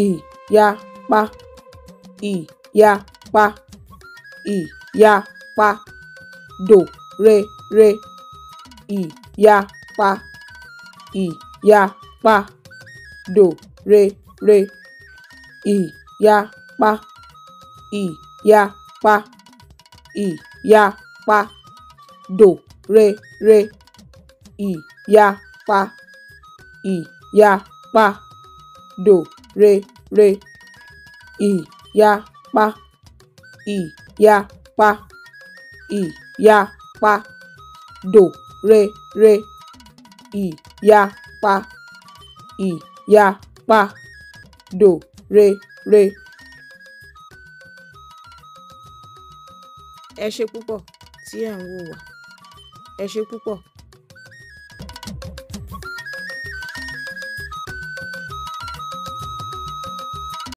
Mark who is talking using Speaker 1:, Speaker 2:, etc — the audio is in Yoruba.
Speaker 1: ìyapa ìyapa ìyapa dòrere ìyapa ìyapa re. ìyapa ìyapa ìyapa dòrere ìyapa ìyapa dòrere re re ìyapa ìyapa ìyapa dò re re ìyapa ìyapa do re re.
Speaker 2: ẹ ṣé púpọ̀ tí ẹ̀ ń wò wá ẹ ṣé púpọ̀.